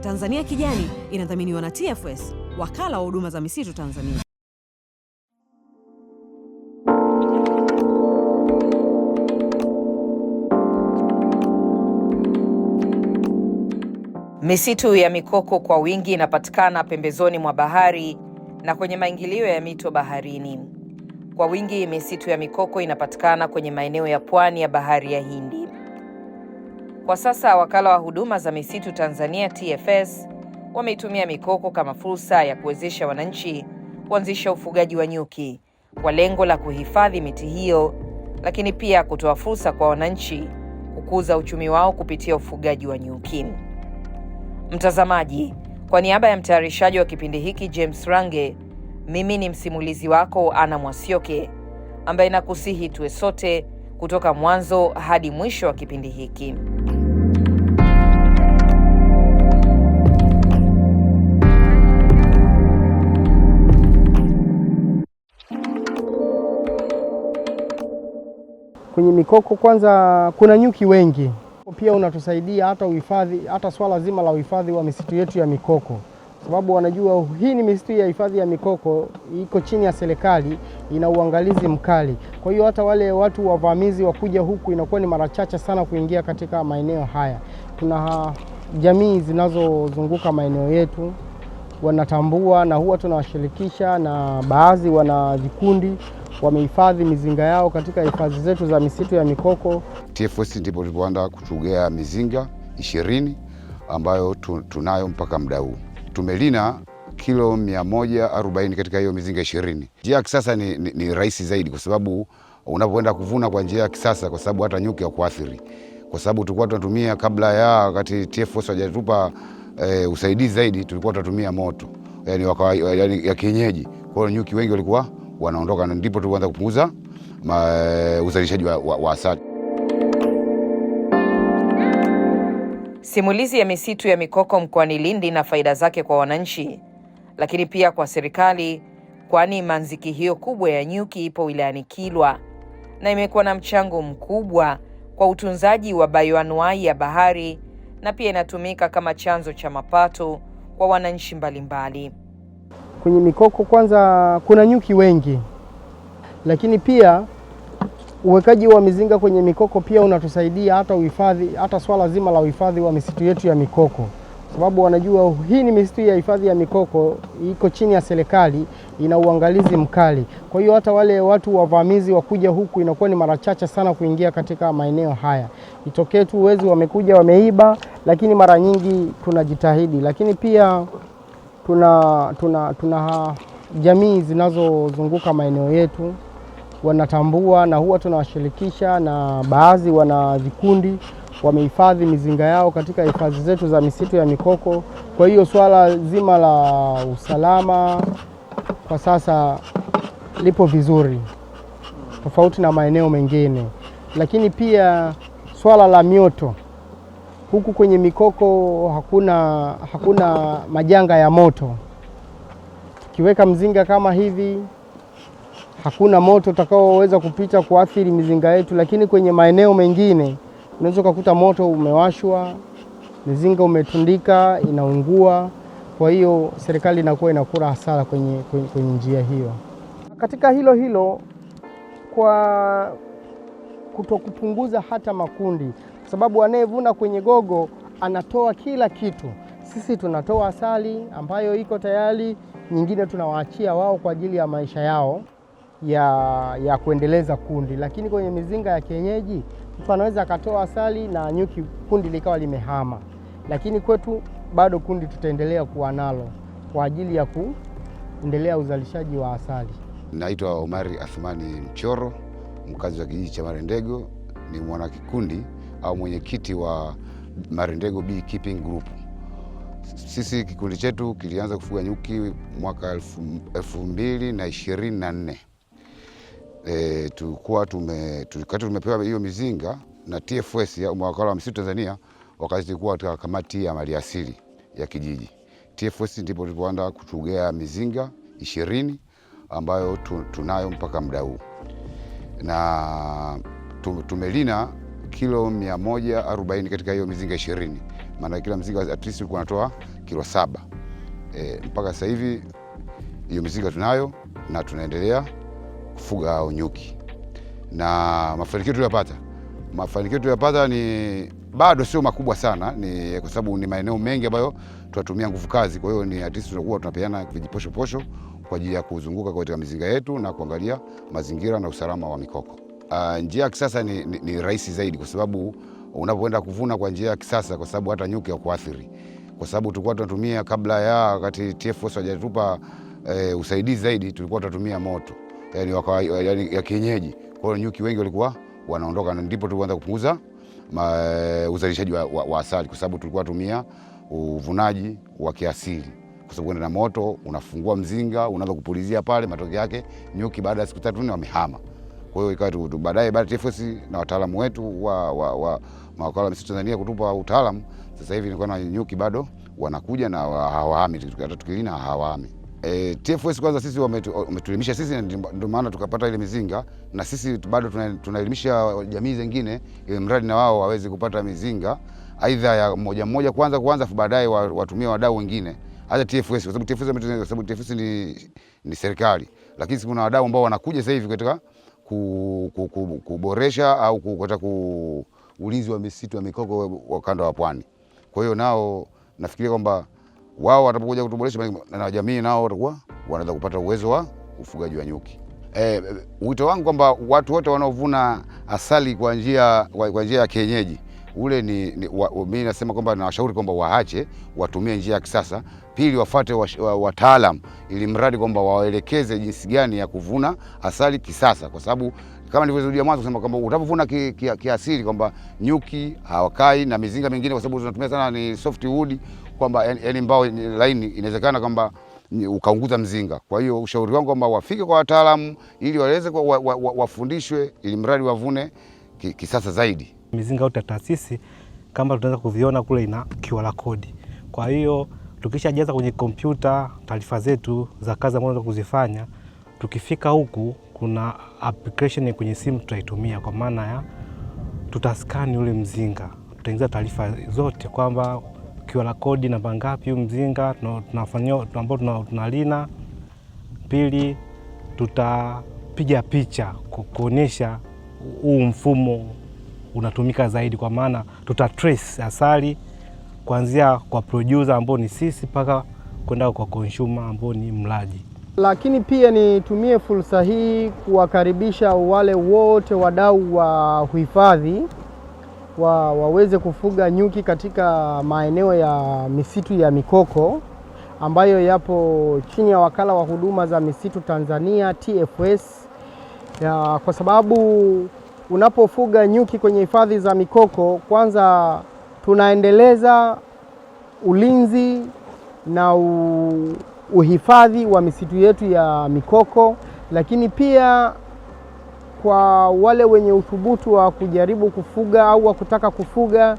Tanzania Kijani inadhaminiwa na TFS, wakala wa huduma za misitu Tanzania. Misitu ya mikoko kwa wingi inapatikana pembezoni mwa bahari na kwenye maingilio ya mito baharini. Kwa wingi, misitu ya mikoko inapatikana kwenye maeneo ya pwani ya Bahari ya Hindi. Kwa sasa wakala wa huduma za misitu Tanzania TFS wameitumia mikoko kama fursa ya kuwezesha wananchi kuanzisha ufugaji wa nyuki kwa lengo la kuhifadhi miti hiyo, lakini pia kutoa fursa kwa wananchi kukuza uchumi wao kupitia ufugaji wa nyuki. Mtazamaji, kwa niaba ya mtayarishaji wa kipindi hiki James Range, mimi ni msimulizi wako Ana Mwasioke ambaye nakusihi tuwe sote kutoka mwanzo hadi mwisho wa kipindi hiki. kwenye mikoko. Kwanza kuna nyuki wengi, pia unatusaidia hata uhifadhi, hata swala zima la uhifadhi wa misitu yetu ya mikoko, sababu wanajua hii ni misitu ya hifadhi ya mikoko, iko chini ya serikali, ina uangalizi mkali. Kwa hiyo hata wale watu wavamizi wakuja huku inakuwa ni mara chache sana kuingia katika maeneo haya. Kuna jamii zinazozunguka maeneo yetu wanatambua, na huwa tunawashirikisha, na baadhi wana vikundi wamehifadhi mizinga yao katika hifadhi zetu za misitu ya Mikoko. TFS ndipo tulipoanza kuchugea mizinga ishirini ambayo tunayo mpaka muda huu. Tumelina kilo 140 katika hiyo mizinga ishirini. Njia ya kisasa ni, ni, ni rahisi zaidi kwa sababu unapoenda kuvuna kwa njia ya kisasa, kwa sababu hata nyuki hakuathiri, kwa sababu tulikuwa tunatumia kabla ya wakati TFS hajatupa e, eh, usaidizi zaidi, tulikuwa tunatumia moto yani, ya kienyeji. Kwa hiyo nyuki wengi walikuwa wanaondoka, ndipo tulianza kupunguza eh, uzalishaji wa, wa, wa asali. Simulizi ya misitu ya mikoko mkoani Lindi na faida zake kwa wananchi, lakini pia kwa serikali, kwani manziki hiyo kubwa ya nyuki ipo wilayani Kilwa na imekuwa na mchango mkubwa kwa utunzaji wa bayoanuai ya bahari na pia inatumika kama chanzo cha mapato kwa wananchi mbalimbali kwenye mikoko, kwanza kuna nyuki wengi, lakini pia uwekaji wa mizinga kwenye mikoko pia unatusaidia hata uhifadhi, hata swala zima la uhifadhi wa misitu yetu ya mikoko, sababu wanajua hii ni misitu ya hifadhi ya mikoko, iko chini ya serikali, ina uangalizi mkali. Kwa hiyo hata wale watu wavamizi wakuja huku inakuwa ni mara chache sana kuingia katika maeneo haya. Itokee tu wezi wamekuja wameiba, lakini mara nyingi tunajitahidi, lakini pia tuna, tuna, tuna jamii zinazozunguka maeneo yetu wanatambua na huwa tunawashirikisha, na baadhi wana vikundi wamehifadhi mizinga yao katika hifadhi zetu za misitu ya mikoko. Kwa hiyo swala zima la usalama kwa sasa lipo vizuri, tofauti na maeneo mengine, lakini pia swala la mioto Huku kwenye mikoko hakuna, hakuna majanga ya moto. Tukiweka mzinga kama hivi, hakuna moto utakaoweza kupita kuathiri mizinga yetu, lakini kwenye maeneo mengine unaweza ukakuta moto umewashwa, mizinga umetundika, inaungua. Kwa hiyo serikali inakuwa inakula hasara kwenye, kwenye, kwenye njia hiyo. Katika hilo hilo kwa kutokupunguza hata makundi sababu anayevuna kwenye gogo anatoa kila kitu. Sisi tunatoa asali ambayo iko tayari, nyingine tunawaachia wao kwa ajili ya maisha yao ya, ya kuendeleza kundi. Lakini kwenye mizinga ya kienyeji mtu anaweza akatoa asali na nyuki, kundi likawa limehama, lakini kwetu bado kundi tutaendelea kuwa nalo kwa ajili ya kuendelea uzalishaji wa asali. Naitwa Omari Athmani Mchoro, mkazi wa kijiji cha Marendego, ni mwanakikundi au mwenyekiti wa Marendego Bee Keeping Group. Sisi kikundi chetu kilianza kufuga nyuki mwaka elfu mbili na ishirini na nne. E, tulikuwa tume, tulikati tumepewa hiyo mizinga na TFS ya mwakala wa msitu Tanzania, wakati tulikuwa katika kamati ya maliasili ya kijiji TFS, ndipo tulipoanza kutugea mizinga ishirini ambayo tunayo mpaka muda huu na tumelina kilo 140 katika hiyo mizinga 20, maana kila mzinga at least ulikuwa unatoa kilo saba. E, mpaka sasa hivi hiyo mizinga tunayo na tunaendelea kufuga hao nyuki, na mafanikio tuliyopata mafanikio tuliyopata ni bado sio makubwa sana, ni kwa sababu ni maeneo mengi ambayo tunatumia nguvu kazi. Kwa hiyo ni at least tunakuwa tunapeana vijiposhoposho kwa ajili ya kuzunguka katika mizinga yetu na kuangalia mazingira na usalama wa mikoko. Uh, njia ya kisasa ni, ni, ni rahisi zaidi kwa sababu unapoenda kuvuna kwa njia ya kisasa, kwa sababu hata nyuki hakuathiri, kwa sababu tulikuwa tunatumia kabla ya wakati TFS hajatupa e, eh, usaidizi zaidi, tulikuwa tunatumia moto yani, waka, yani, ya kienyeji. Kwa hiyo nyuki wengi walikuwa wanaondoka, na ndipo tulianza kupunguza eh, uzalishaji wa, wa, wa asali kwa sababu tulikuwa tumia uvunaji wa kiasili kwa sababu kwenda na moto unafungua mzinga, unaanza kupulizia pale, matokeo yake nyuki baada ya siku tatu nne wamehama. Kwa hiyo ikawa tu baadaye TFS na wataalamu wetu wa, wa, wa mawakala wa misitu Tanzania kutupa utaalamu. Sasa hivi nilikuwa na nyuki bado wanakuja na hawahami, hata tukilina hawahami. E, TFS kwanza sisi wametuelimisha sisi, ndio maana tukapata ile mizinga, na sisi bado tunaelimisha jamii zingine, ili mradi na wao waweze kupata mizinga aidha ya moja moja kwanza kwanza, afu baadaye watumie wadau wengine hata TFS kwa sababu TFS, TFS ni, ni serikali, lakini kuna wadau ambao wanakuja sasa hivi katika kuboresha au kukata ulinzi wa misitu ya mikoko kanda wa pwani. Kwa hiyo nao nafikiria kwamba wao watapokuja kutuboresha na jamii nao watakuwa wanaweza kupata uwezo wa ufugaji wa nyuki. E, wito wangu kwamba watu wote wanaovuna asali kwa njia kwa njia ya kienyeji ule ni, ni mimi nasema kwamba nawashauri kwamba waache watumie njia ya kisasa Pili, wafuate wataalam ili mradi kwamba waelekeze jinsi gani ya kuvuna asali kisasa, kwa sababu kama nilivyozudia mwanzo kusema kwamba utapovuna kiasili ki, ki kwamba nyuki hawakai na mizinga mingine, kwa sababu tunatumia sana ni wood, kwamba yani mbao laini, inawezekana kwamba ukaunguza mzinga. Kwa hiyo ushauri wangu kwamba wafike kwa wataalamu ili waweze wa, wa, wa, wafundishwe ili mradi wavune kisasa zaidi. Mizinga yote ya taasisi kama tunaweza kuviona kule ina kiwala kodi, kwa hiyo Tukishajaza kwenye kompyuta taarifa zetu za kazi ambazo tunataka kuzifanya, tukifika huku kuna application kwenye simu tutaitumia, kwa maana ya tutaskani ule mzinga, tutaingiza taarifa zote kwamba QR code namba ngapi mzinga tunafanyia ambao tunalina. Pili, tutapiga picha kuonyesha huu mfumo unatumika zaidi, kwa maana tuta trace asali kuanzia kwa producer ambao ni sisi mpaka kwenda kwa consumer ambao ni mlaji. Lakini pia nitumie fursa hii kuwakaribisha wale wote wadau wa uhifadhi wa, waweze kufuga nyuki katika maeneo ya misitu ya mikoko ambayo yapo chini ya wakala wa huduma za misitu Tanzania TFS ya, kwa sababu unapofuga nyuki kwenye hifadhi za mikoko kwanza tunaendeleza ulinzi na uhifadhi wa misitu yetu ya mikoko, lakini pia kwa wale wenye uthubutu wa kujaribu kufuga au wa kutaka kufuga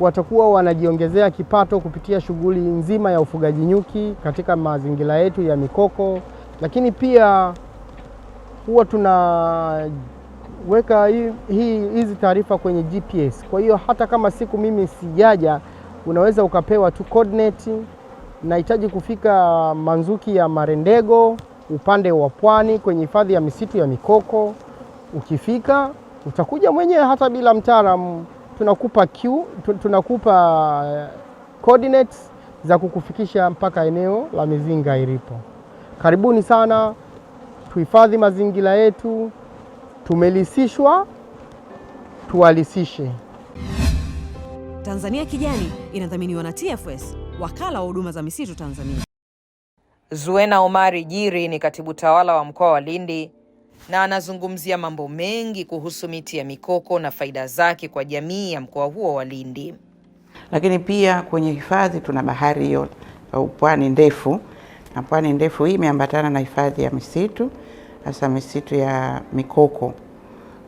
watakuwa wanajiongezea kipato kupitia shughuli nzima ya ufugaji nyuki katika mazingira yetu ya mikoko, lakini pia huwa tuna weka hizi taarifa kwenye GPS. Kwa hiyo hata kama siku mimi sijaja, unaweza ukapewa tu coordinate, nahitaji kufika Manzuki ya Marendego upande wa pwani kwenye hifadhi ya misitu ya Mikoko. Ukifika utakuja mwenyewe hata bila mtaalamu, tunakupa Q, tunakupa eh, coordinates za kukufikisha mpaka eneo la mizinga ilipo. Karibuni sana, tuhifadhi mazingira yetu. Tumelisishwa, tuwalisishe. Tanzania Kijani inadhaminiwa na TFS, wakala wa huduma za misitu Tanzania. Zuena Omari Jiri ni katibu tawala wa mkoa wa Lindi na anazungumzia mambo mengi kuhusu miti ya mikoko na faida zake kwa jamii ya mkoa huo wa Lindi. Lakini pia kwenye hifadhi tuna bahari hiyo au pwani ndefu, na pwani ndefu hii imeambatana na hifadhi ya misitu hasa misitu ya mikoko.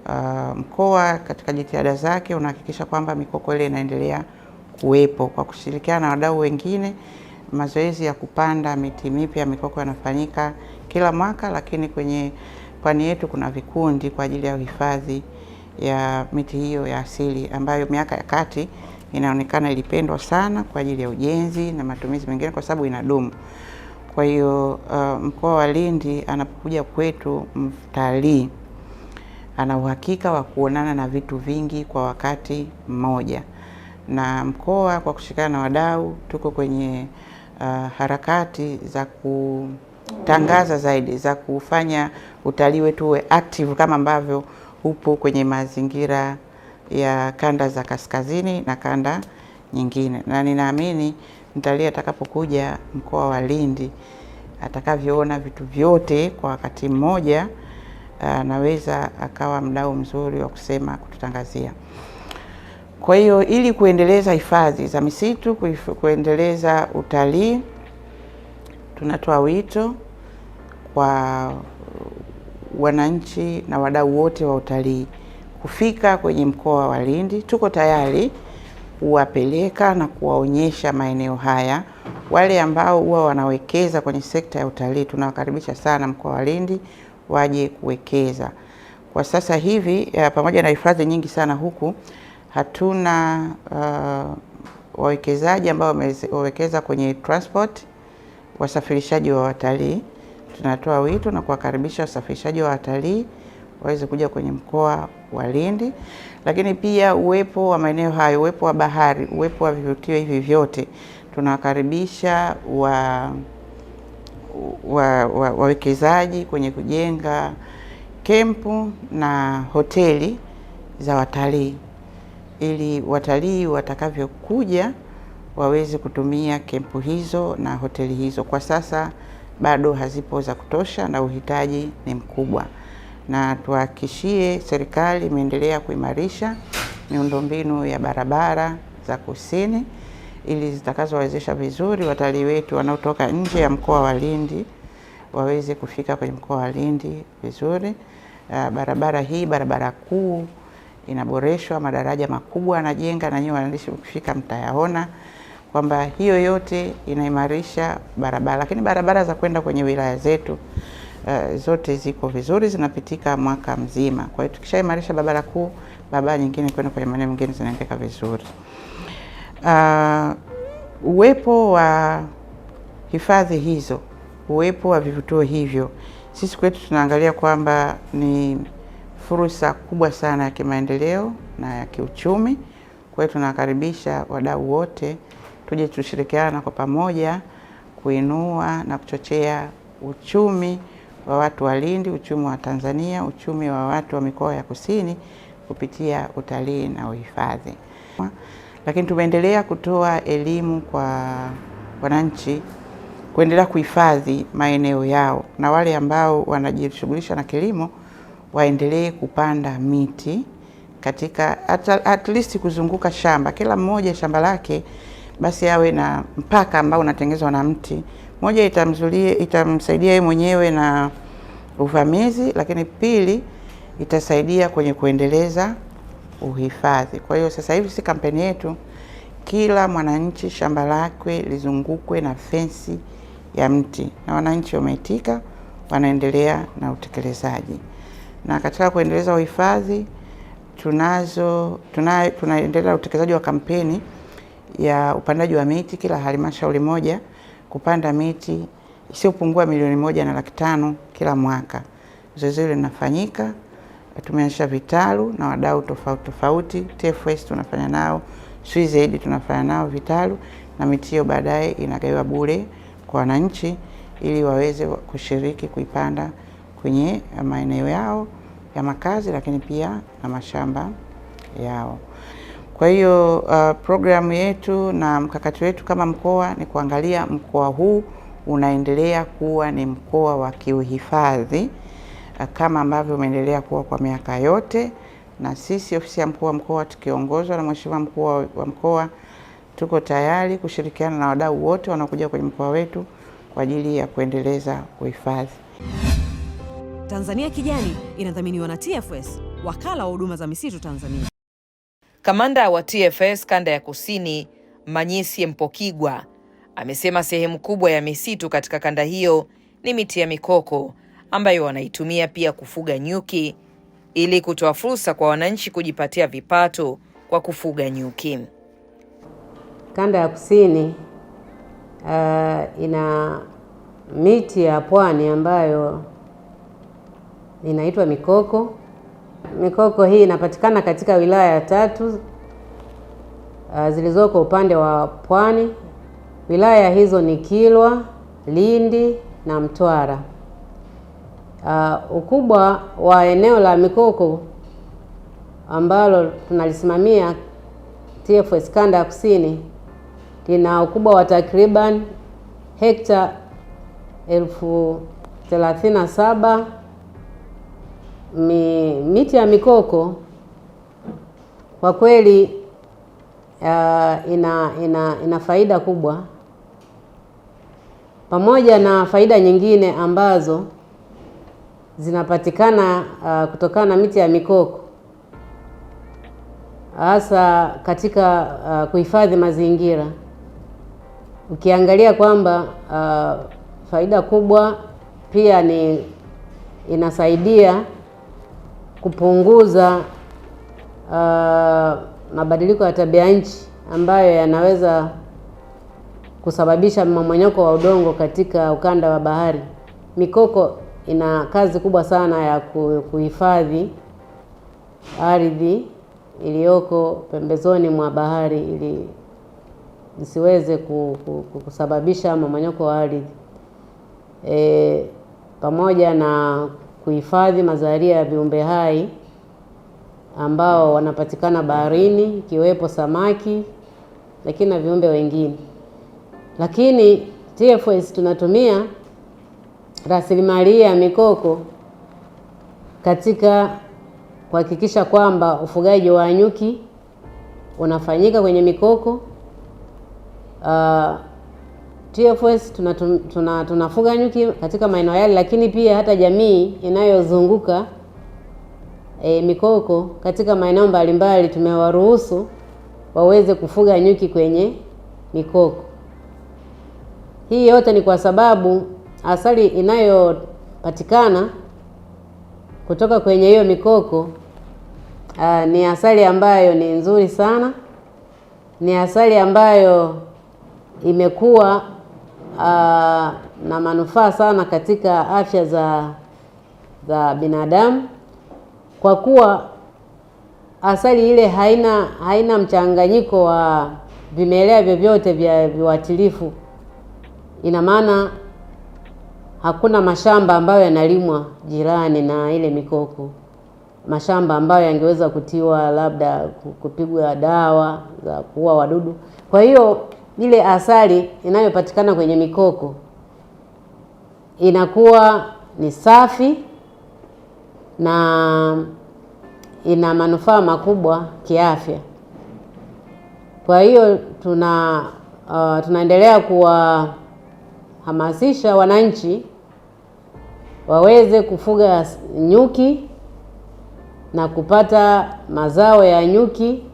Uh, mkoa katika jitihada zake unahakikisha kwamba mikoko ile inaendelea kuwepo kwa kushirikiana na wadau wengine. Mazoezi ya kupanda miti mipya mikoko yanafanyika kila mwaka, lakini kwenye pwani yetu kuna vikundi kwa ajili ya uhifadhi ya miti hiyo ya asili ambayo miaka ya kati inaonekana ilipendwa sana kwa ajili ya ujenzi na matumizi mengine kwa sababu inadumu. Kwa hiyo uh, mkoa wa Lindi anapokuja kwetu mtalii ana uhakika wa kuonana na vitu vingi kwa wakati mmoja, na mkoa kwa kushikana na wadau tuko kwenye uh, harakati za kutangaza zaidi, za kufanya utalii wetu uwe active kama ambavyo upo kwenye mazingira ya kanda za kaskazini na kanda nyingine, na ninaamini mtalii atakapokuja mkoa wa Lindi atakavyoona vitu vyote kwa wakati mmoja, ah, anaweza akawa mdau mzuri wa kusema kututangazia. Kwa hiyo ili kuendeleza hifadhi za misitu, kuendeleza utalii, tunatoa wito kwa wananchi na wadau wote wa utalii kufika kwenye mkoa wa Lindi. Tuko tayari kuwapeleka na kuwaonyesha maeneo haya. Wale ambao huwa wanawekeza kwenye sekta ya utalii tunawakaribisha sana mkoa wa Lindi waje kuwekeza. Kwa sasa hivi ya, eh, pamoja na hifadhi nyingi sana huku hatuna uh, wawekezaji ambao wamewekeza kwenye transport, wasafirishaji wa watalii. Tunatoa wito na kuwakaribisha wasafirishaji wa watalii waweze kuja kwenye mkoa wa Lindi, lakini pia uwepo wa maeneo hayo, uwepo wa bahari, uwepo wa vivutio hivi vyote, tunawakaribisha wa wawekezaji wa, wa kwenye kujenga kempu na hoteli za watalii ili watalii watakavyokuja waweze kutumia kempu hizo na hoteli hizo. Kwa sasa bado hazipo za kutosha na uhitaji ni mkubwa na tuhakikishie serikali imeendelea kuimarisha miundombinu ya barabara za kusini ili zitakazowawezesha vizuri watalii wetu wanaotoka nje ya mkoa wa Lindi waweze kufika kwenye mkoa wa Lindi vizuri. Uh, barabara hii barabara kuu inaboreshwa, madaraja makubwa anajenga, na nyinyi wananchi ukifika mtayaona kwamba hiyo yote inaimarisha barabara, lakini barabara za kwenda kwenye wilaya zetu Eh, zote ziko vizuri zinapitika mwaka mzima. Kwa hiyo tukishaimarisha barabara kuu, barabara nyingine kwenda kwenye maeneo mengine zinaendeka vizuri. Uh, uwepo wa hifadhi hizo, uwepo wa vivutio hivyo, sisi kwetu tunaangalia kwamba ni fursa kubwa sana ya kimaendeleo na ya kiuchumi. Kwa hiyo tunakaribisha wadau wote tuje tushirikiana kwa pamoja kuinua na kuchochea uchumi wa watu wa Lindi, uchumi wa Tanzania, uchumi wa watu wa mikoa ya kusini kupitia utalii na uhifadhi. Lakini tumeendelea kutoa elimu kwa wananchi kuendelea kuhifadhi maeneo yao, na wale ambao wanajishughulisha na kilimo waendelee kupanda miti katika at, at least kuzunguka shamba, kila mmoja shamba lake basi awe na mpaka ambao unatengenezwa na mti moja, itamzulie, itamsaidia yeye mwenyewe na uvamizi, lakini pili, itasaidia kwenye kuendeleza uhifadhi. Kwa hiyo sasa hivi si kampeni yetu, kila mwananchi shamba lake lizungukwe na fensi ya mti, na wananchi wameitika, wanaendelea na utekelezaji. Na katika kuendeleza uhifadhi tunazo tuna, tunaendelea utekelezaji wa kampeni ya upandaji wa miti kila halmashauri moja kupanda miti isiyopungua milioni moja na laki tano kila mwaka. Zoezi hilo linafanyika, tumeanzisha vitalu na wadau tofauti tofauti. TFS tunafanya nao, sui zaidi tunafanya nao vitalu, na miti hiyo baadaye inagaiwa bure kwa wananchi ili waweze kushiriki kuipanda kwenye maeneo yao ya makazi, lakini pia na mashamba yao. Kwa hiyo uh, programu yetu na mkakati wetu kama mkoa ni kuangalia mkoa huu unaendelea kuwa ni mkoa wa kiuhifadhi uh, kama ambavyo umeendelea kuwa kwa miaka yote, na sisi ofisi ya mkuu wa mkoa tukiongozwa na mheshimiwa mkuu wa mkoa tuko tayari kushirikiana na wadau wote wanaokuja kwenye mkoa wetu kwa ajili ya kuendeleza uhifadhi. Tanzania Kijani inadhaminiwa na TFS, wakala wa huduma za misitu Tanzania. Kamanda wa TFS kanda ya Kusini, Manyisye Mpokigwa, amesema sehemu kubwa ya misitu katika kanda hiyo ni miti ya mikoko ambayo wanaitumia pia kufuga nyuki ili kutoa fursa kwa wananchi kujipatia vipato kwa kufuga nyuki. Kanda ya Kusini uh, ina miti ya pwani ambayo inaitwa mikoko Mikoko hii inapatikana katika wilaya tatu uh, zilizoko upande wa pwani. Wilaya hizo ni Kilwa, Lindi na Mtwara. Uh, ukubwa wa eneo la mikoko ambalo tunalisimamia TFS Kanda ya Kusini lina ukubwa wa takriban hekta elfu thelathini na saba mi, miti ya mikoko kwa kweli uh, ina, ina, ina faida kubwa pamoja na faida nyingine ambazo zinapatikana uh, kutokana na miti ya mikoko hasa katika uh, kuhifadhi mazingira. Ukiangalia kwamba uh, faida kubwa pia ni inasaidia kupunguza uh, mabadiliko ya tabia nchi ambayo yanaweza kusababisha mmomonyoko wa udongo katika ukanda wa bahari. Mikoko ina kazi kubwa sana ya kuhifadhi ardhi iliyoko pembezoni mwa bahari ili isiweze kusababisha mmomonyoko wa ardhi e, pamoja na kuhifadhi mazalia ya viumbe hai ambao wanapatikana baharini ikiwepo samaki lakini na viumbe wengine. Lakini TFS tunatumia rasilimali ya mikoko katika kuhakikisha kwamba ufugaji wa nyuki unafanyika kwenye mikoko uh, TFS tunafuga tuna, tuna, nyuki katika maeneo yale, lakini pia hata jamii inayozunguka e, mikoko katika maeneo mbalimbali tumewaruhusu waweze kufuga nyuki kwenye mikoko hii. Yote ni kwa sababu asali inayopatikana kutoka kwenye hiyo mikoko aa, ni asali ambayo ni nzuri sana, ni asali ambayo imekuwa aa, ah, na manufaa sana katika afya za za binadamu kwa kuwa asali ile haina haina mchanganyiko wa vimelea vyovyote vya viuatilifu. Ina maana hakuna mashamba ambayo yanalimwa jirani na ile mikoko, mashamba ambayo yangeweza kutiwa labda kupigwa dawa za kuua wadudu. Kwa hiyo ile asali inayopatikana kwenye mikoko inakuwa ni safi na ina manufaa makubwa kiafya. Kwa hiyo tuna uh, tunaendelea kuwahamasisha wananchi waweze kufuga nyuki na kupata mazao ya nyuki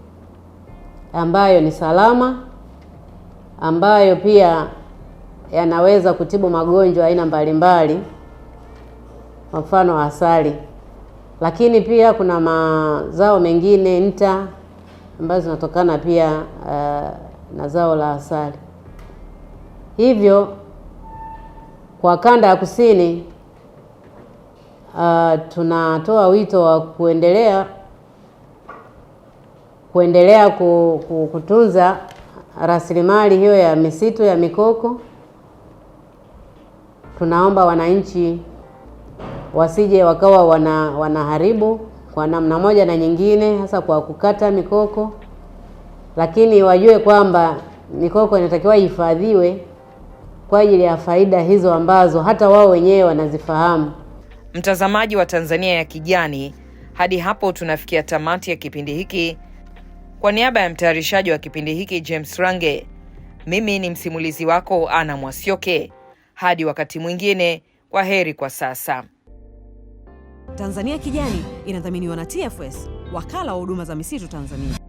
ambayo ni salama ambayo pia yanaweza kutibu magonjwa aina mbalimbali, kwa mfano asali. Lakini pia kuna mazao mengine nta ambazo zinatokana pia uh, na zao la asali. Hivyo kwa kanda ya kusini uh, tunatoa wito wa kuendelea kuendelea kutunza rasilimali hiyo ya misitu ya mikoko, tunaomba wananchi wasije wakawa wana wanaharibu kwa namna moja na nyingine, hasa kwa kukata mikoko, lakini wajue kwamba mikoko inatakiwa ihifadhiwe kwa ajili ya faida hizo ambazo hata wao wenyewe wanazifahamu. Mtazamaji wa Tanzania ya Kijani, hadi hapo tunafikia tamati ya kipindi hiki. Kwa niaba ya mtayarishaji wa kipindi hiki James Range, mimi ni msimulizi wako Ana Mwasioke. Hadi wakati mwingine, kwa heri kwa sasa. Tanzania Kijani inadhaminiwa na TFS, wakala wa huduma za misitu Tanzania.